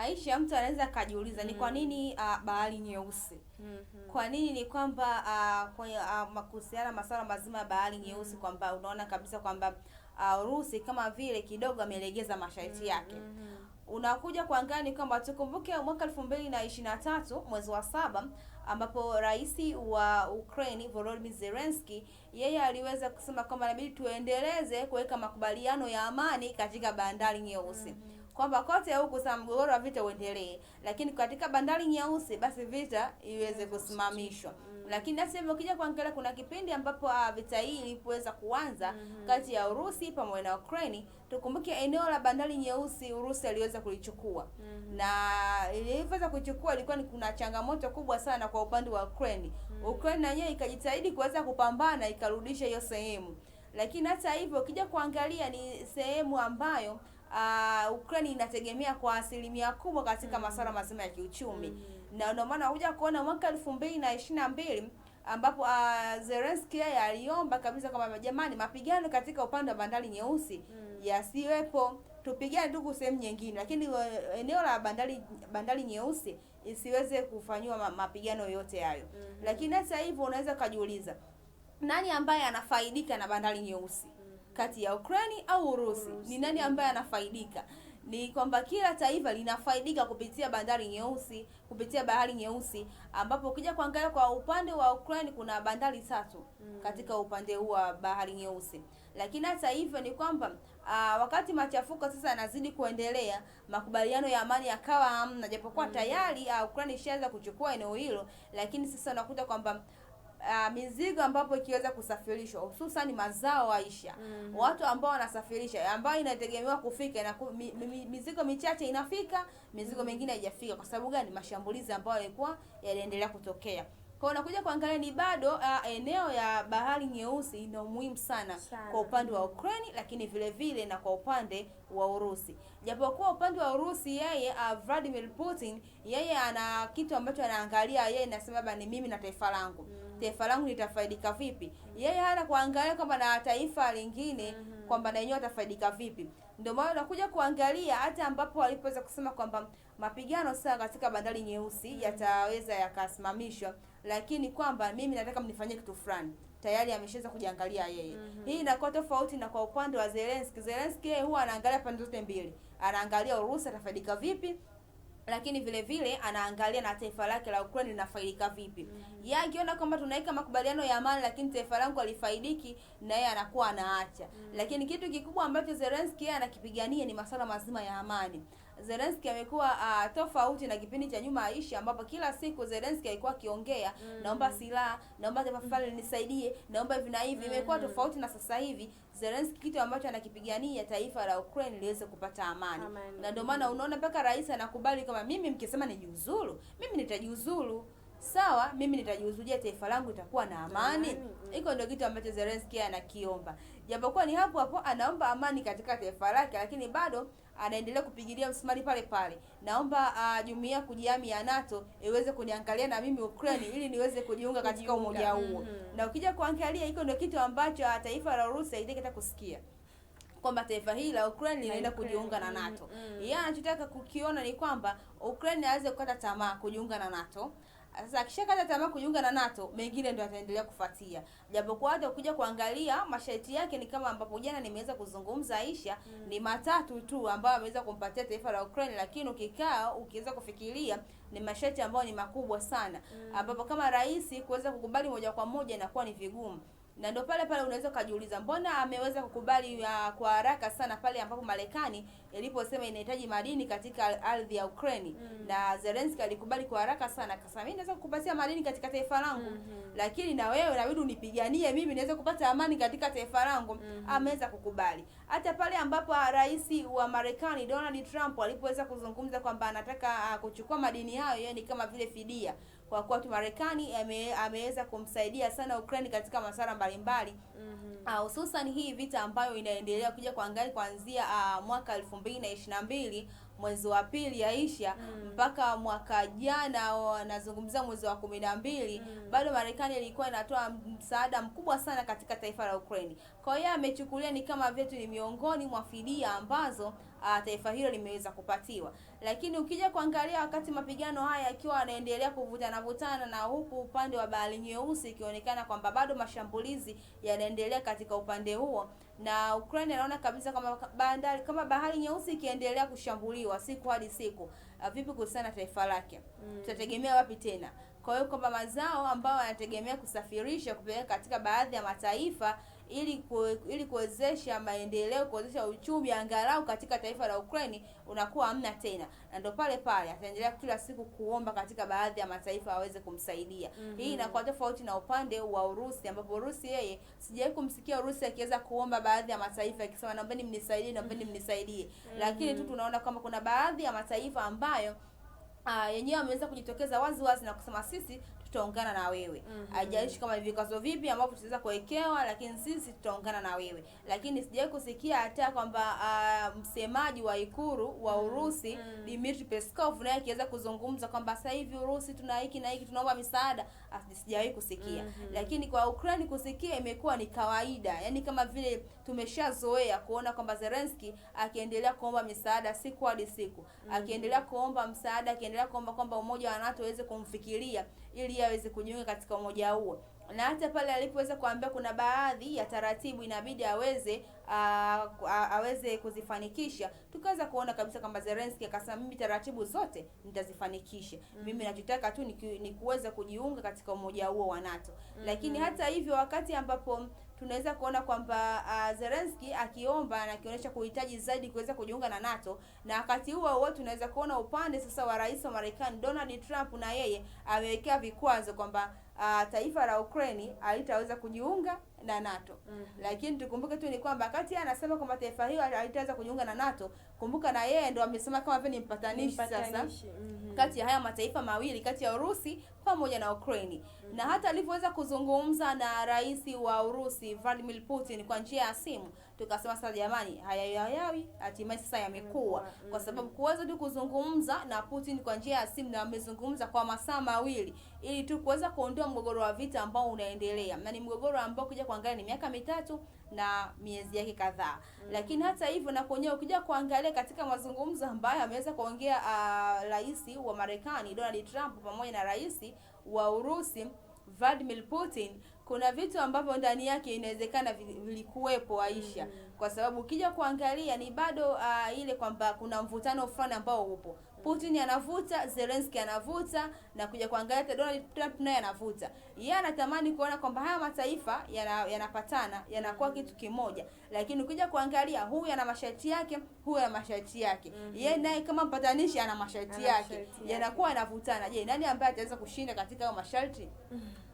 Aisha, mtu anaweza akajiuliza ni kwa mm. nini uh, bahari nyeusi? Mm-hmm. Kwa nini ni kwamba uh, kwa uh, ah, makuhusiana masuala mazima ya bahari nyeusi mm. kwamba unaona kabisa kwamba uh, Urusi kama vile kidogo amelegeza masharti mm-hmm. yake. Unakuja kuangalia ni kwamba tukumbuke mwaka elfu mbili na ishirini na tatu mwezi wa saba ambapo rais wa Ukraine Volodymyr Zelensky yeye aliweza kusema kwamba inabidi tuendeleze kuweka makubaliano ya amani katika bandari nyeusi. Mm-hmm kwamba kote huku sa mgogoro wa vita uendelee, lakini katika bandari nyeusi basi vita iweze kusimamishwa. Mm. Lakini hata hivyo ukija kuangalia kuna kipindi ambapo uh, vita hii ilipoweza kuanza mm -hmm. kati ya Urusi pamoja na Ukraine, tukumbuke eneo la bandari nyeusi Urusi aliweza kulichukua mm -hmm. na ilivyoweza kuchukua ilikuwa ni kuna changamoto kubwa sana kwa upande wa Ukraine mm -hmm. Ukraine na yenyewe ikajitahidi kuweza kupambana ikarudisha hiyo sehemu, lakini hata hivyo ukija kuangalia ni sehemu ambayo uh, Ukraine inategemea kwa asilimia kubwa katika mm. masuala mazima ya kiuchumi mm. na ndio maana huja kuona mwaka elfu mbili na ishirini na mbili ambapo uh, Zelensky yeye aliomba kabisa kwamba jamani, mapigano katika upande wa bandari nyeusi mm. yasiwepo, tupigane ndugu sehemu nyingine, lakini uh, eneo la bandari bandari nyeusi isiweze kufanyiwa mapigano yote hayo mm -hmm. Lakini hata hivyo unaweza ukajiuliza nani ambaye anafaidika na bandari nyeusi? kati ya Ukraini au Urusi, Ni nani ambaye anafaidika? Ni kwamba kila taifa linafaidika kupitia bandari nyeusi, kupitia bahari nyeusi, ambapo ukija kuangalia kwa upande wa Ukraini kuna bandari tatu mm. katika upande huu wa bahari nyeusi. Lakini hata hivyo ni kwamba uh, wakati machafuko sasa yanazidi kuendelea, makubaliano ya amani yakawa hamna, japokuwa mm. tayari uh, Ukraine ishaweza kuchukua eneo hilo, lakini sasa unakuta kwamba uh, mizigo ambapo ikiweza kusafirishwa hususan mazao aisha mm. Mm-hmm. watu ambao wanasafirisha ambayo inategemewa kufika na mi, mi, mizigo michache inafika, mizigo mm-hmm. mingine haijafika. Kwa sababu gani? Mashambulizi ambayo yalikuwa yaliendelea kutokea kwa unakuja kuangalia ni bado uh, eneo ya bahari nyeusi ina umuhimu sana, sana kwa upande wa Ukraine, lakini vile vile na kwa upande wa Urusi. Japokuwa upande wa Urusi yeye uh, Vladimir Putin yeye ana kitu ambacho anaangalia yeye, nasema ni mimi na taifa langu mm taifa langu litafaidika vipi? Yeye hana kuangalia kwamba na taifa lingine mhm. kwamba na yeye atafaidika vipi. Ndio maana unakuja kuangalia hata ambapo walipoweza kusema kwamba mapigano sasa katika bandari nyeusi mhm. yataweza yakasimamishwa, lakini kwamba mimi nataka mnifanyie kitu fulani tayari ameshaweza kujiangalia yeye. mm -hmm. Hii inakuwa tofauti na kwa upande wa Zelensky. Zelensky yeye huwa anaangalia pande zote mbili, anaangalia Urusi atafaidika vipi, lakini vile vile anaangalia na taifa lake la Ukraine linafaidika vipi. mm -hmm. Yeye akiona kwamba tunaweka makubaliano ya amani, lakini taifa langu alifaidiki na yeye anakuwa anaacha. mm -hmm. Lakini kitu kikubwa ambacho Zelensky yeye anakipigania ni masuala mazima ya amani. Zelensky amekuwa uh, tofauti na kipindi cha nyuma Aisha, ambapo kila siku Zelensky alikuwa akiongea mm. naomba silaha, naomba tafadhali mm-hmm. nisaidie, naomba hivi na hivi. Imekuwa mm. tofauti na sasa hivi Zelensky kitu ambacho anakipigania taifa la Ukraine liweze kupata amani, amani. Na ndio maana unaona mpaka rais anakubali kama mimi mkisema nijiuzuru, mimi nitajiuzuru Sawa, mimi nitajiuzujia, taifa langu itakuwa na amani hiko. mm. Ndio kitu ambacho Zelensky anakiomba, japokuwa ni hapo hapo anaomba amani katika taifa lake, lakini bado anaendelea kupigilia msumari pale pale. Naomba uh, jumuiya kujihami ya NATO iweze kuniangalia na mimi Ukraine ili niweze kujiunga katika umoja huo. Mm -hmm. Na ukija kuangalia hiko ndio kitu ambacho ah, taifa la Urusi haitakita kusikia kwamba taifa hili la Ukraine linaenda kujiunga na NATO. Mm -hmm. Yeye anachotaka kukiona ni kwamba Ukraine aweze kukata tamaa kujiunga na NATO sasa akishakata tamaa kujiunga na NATO, mengine ndio ataendelea kufuatia. Japokuwa hata ukija kuangalia masharti yake ni kama ambapo jana nimeweza kuzungumza Aisha, mm. ni matatu tu ambayo ameweza kumpatia taifa la Ukraine, lakini ukikaa ukiweza kufikiria ni masharti ambayo ni makubwa sana, mm. ambapo kama rais kuweza kukubali moja kwa moja inakuwa ni vigumu na ndio pale pale unaweza ukajiuliza mbona ameweza kukubali ya kwa haraka sana pale ambapo Marekani iliposema inahitaji madini katika ardhi ya Ukraine mm. na Zelensky alikubali kwa haraka sana akasema mimi naweza kukupatia madini katika taifa langu mm -hmm. lakini na wewe inabidi unipiganie mimi naweza kupata amani katika taifa langu mm -hmm. ameweza kukubali hata pale ambapo ah, rais wa Marekani Donald Trump alipoweza kuzungumza kwamba anataka ah, kuchukua madini hayo, ni kama vile fidia, kwa kuwa Marekani ameweza kumsaidia sana Ukraine katika masuala mbalimbali mhm. ah, hususan mm -hmm. uh, hii vita ambayo inaendelea kuja kwa kuanzia uh, mwaka elfu mbili na ishirini na mbili mwezi wa pili yaisha mm. mpaka mwaka jana wanazungumzia mwezi wa kumi na mbili mm. bado Marekani ilikuwa inatoa msaada mkubwa sana katika taifa la Ukraine. Kwa hiyo amechukulia ni kama vyetu ni miongoni mwa fidia ambazo uh, taifa hilo limeweza kupatiwa. Lakini ukija kuangalia wakati mapigano haya yakiwa yanaendelea kuvutana vutana, na huku upande wa bahari nyeusi ikionekana kwamba bado mashambulizi yanaendelea katika upande huo, na Ukraine anaona kabisa kama bandari kama bahari nyeusi ikiendelea kushambuliwa siku hadi siku, uh, vipi kuhusiana na taifa lake mm. tutategemea wapi tena? Kwa hiyo kwamba mazao ambayo yanategemea kusafirisha kupeleka katika baadhi ya mataifa ili kwe, ili kuwezesha maendeleo, kuwezesha uchumi angalau katika taifa la Ukraine unakuwa hamna tena, na ndo pale pale ataendelea kila siku kuomba katika baadhi ya mataifa aweze kumsaidia. mm -hmm. Hii mhm. inakuwa tofauti na upande wa Urusi, ambapo Urusi yeye sijawahi kumsikia Urusi akiweza kuomba baadhi ya mataifa akisema naombeni mnisaidie, naombeni mnisaidie. mm -hmm. Lakini tu tunaona kama kuna baadhi ya mataifa ambayo ah, yenyewe ameweza kujitokeza wazi wazi na kusema sisi tutaungana na wewe mm -hmm. Haijalishi kama vikwazo vipi ambavyo tutaweza kuwekewa, lakini sisi tutaungana na wewe. Lakini sijawahi kusikia hata kwamba uh, msemaji wa Ikuru wa mhm. Urusi mm -hmm. Dmitry Peskov naye akiweza kuzungumza kwamba sasa hivi Urusi tuna hiki na hiki, tunaomba misaada, ah, sijawahi kusikia mm -hmm. Lakini kwa Ukraine kusikia imekuwa ni kawaida, yani kama vile tumeshazoea kuona kwamba Zelensky akiendelea kuomba misaada siku hadi siku mm -hmm. akiendelea kuomba msaada, akiendelea kuomba kwamba umoja wa NATO uweze kumfikiria ili aweze kujiunga katika umoja huo, na hata pale alipoweza kuambia kuna baadhi ya taratibu inabidi aweze a, a, aweze kuzifanikisha, tukaweza kuona kabisa kwamba Zelensky akasema mimi taratibu zote nitazifanikisha. mm -hmm. Mimi nachotaka tu ni, ni kuweza kujiunga katika umoja huo wa NATO. mm -hmm. Lakini hata hivyo wakati ambapo tunaweza kuona kwamba uh, Zelensky akiomba na akionyesha kuhitaji zaidi kuweza kujiunga na NATO, na wakati huo huo tunaweza kuona upande sasa wa rais wa Marekani Donald Trump na yeye amewekea vikwazo kwamba uh, taifa la Ukraine halitaweza kujiunga na NATO. Mm -hmm. Lakini tukumbuke tu ni kwamba yeye anasema kwamba taifa hilo halitaweza kujiunga na NATO, kumbuka na yeye ndo amesema kama vile ni mpatanishi sasa mm -hmm. kati ya haya mataifa mawili, kati ya Urusi pamoja na Ukraine. Mm -hmm. Na hata alivyoweza kuzungumza na rais wa Urusi Vladimir Putin kwa njia ya simu tukasema sasa, jamani, hayawi hatimaye sasa yamekuwa, mm, mm, kwa sababu mm. kuweza tu kuzungumza na Putin kwa njia ya simu, na wamezungumza kwa masaa mawili ili tu kuweza kuondoa mgogoro wa vita ambao unaendelea, na ni mgogoro ambao kuja kuangalia ni miaka mitatu na miezi yake kadhaa mm. Lakini hata hivyo na kwenyewe ukija kuangalia katika mazungumzo ambayo ameweza kuongea uh, rais wa Marekani Donald Trump pamoja na rais wa Urusi Vladimir Putin kuna vitu ambavyo ndani yake inawezekana vilikuwepo Aisha, mm. kwa sababu ukija kuangalia ni bado uh, ile kwamba kuna mvutano fulani ambao upo mm-hmm. Putin anavuta, Zelensky anavuta na kuja kuangalia hata Donald Trump naye anavuta. Yeye anatamani kuona kwamba haya mataifa yanapatana, yana yanakuwa mm-hmm. kitu kimoja, lakini ukija kuangalia huyu ana masharti yake, huyu ana masharti yake, yeye naye kama mpatanishi ana masharti yake, yanakuwa yanavutana. Je, nani ambaye ataweza kushinda katika hayo masharti? mm -hmm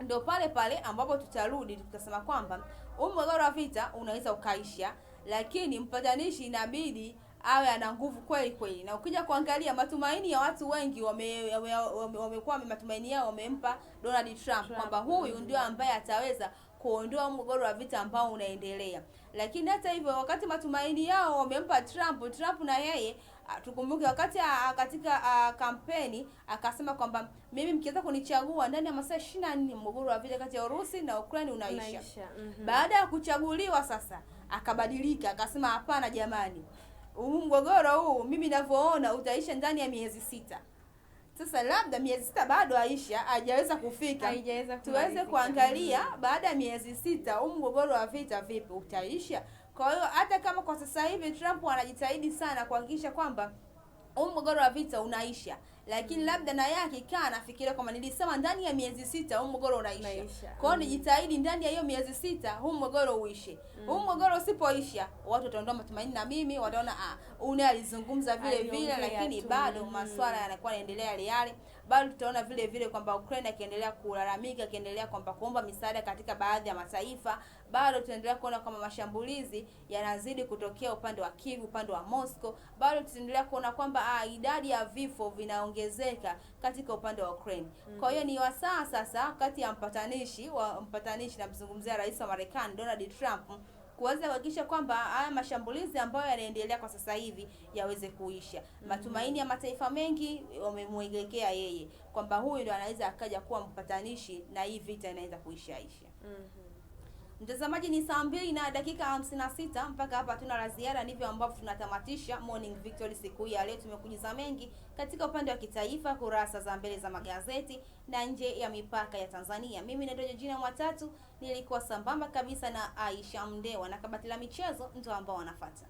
ndo pale pale ambapo tutarudi tutasema kwamba huu mgogoro wa vita unaweza ukaisha, lakini mpatanishi inabidi awe ana nguvu kweli kweli. Na ukija kuangalia matumaini ya watu wengi wamekuwa wame, wame, matumaini yao wamempa Donald Trump, Trump, kwamba huyu ndio ambaye ataweza kuondoa mgogoro wa vita ambao unaendelea. Lakini hata hivyo, wakati matumaini yao wamempa Trump, Trump na yeye Ah, tukumbuke wakati a, ah, ah, katika a, kampeni akasema kwamba mimi mkiweza kunichagua ndani ya masaa ishirini na nne mgogoro wa vita kati ya Urusi na Ukraine unaisha, unaisha. Mm -hmm. Baada ya kuchaguliwa sasa akabadilika akasema, hapana jamani, huu mgogoro huu mimi ninavyoona utaisha ndani ya miezi sita. Sasa labda miezi sita bado aisha hajaweza kufika, tuweze kuangalia mhm. baada ya miezi sita huu mgogoro wa vita vipi utaisha. Kwa hiyo hata kama kwa sasa hivi Trump anajitahidi sana kuhakikisha kwamba huu mgogoro wa vita unaisha, lakini mm. labda na akikaa anafikiria kwamba nilisema ndani ya miezi sita huu mgogoro unaisha. kwao mm. nijitahidi ndani ya hiyo miezi sita huu mgogoro uishe. Mm. Huu mgogoro usipoisha, watu wataondoa matumaini na mimi wataona ah, une alizungumza vile vile, lakini bado mm. maswala yanakuwa yanaendelea yale yale bado tutaona vile vile kwamba Ukraine akiendelea kulalamika, akiendelea kwamba kuomba misaada katika baadhi ya mataifa, bado tutaendelea kuona kwamba mashambulizi yanazidi kutokea upande wa Kiev, upande wa Moscow. Bado tutaendelea kuona kwamba ah, idadi ya vifo vinaongezeka katika upande wa Ukraine. Mm -hmm. Kwa hiyo ni wasaa sasa kati ya mpatanishi wa mpatanishi, namzungumzia rais wa Marekani Donald Trump kuweza kuhakikisha kwamba haya mashambulizi ambayo yanaendelea kwa sasa hivi yaweze kuisha. Mm-hmm. Matumaini ya mataifa mengi wamemwelekea yeye kwamba huyu ndo anaweza akaja kuwa mpatanishi na hii vita inaweza kuishaisha. mm -hmm. Mtazamaji, ni saa mbili na dakika hamsini na sita. Mpaka hapa hatuna la ziada, ndivyo ambavyo tunatamatisha Morning Victory siku hii ya leo. Tumekujuza mengi katika upande wa kitaifa, kurasa za mbele za magazeti na nje ya mipaka ya Tanzania. Mimi naitwa Jojina Mwatatu, nilikuwa sambamba kabisa na Aisha Mndewa na kabati la michezo ndio ambao wanafuata.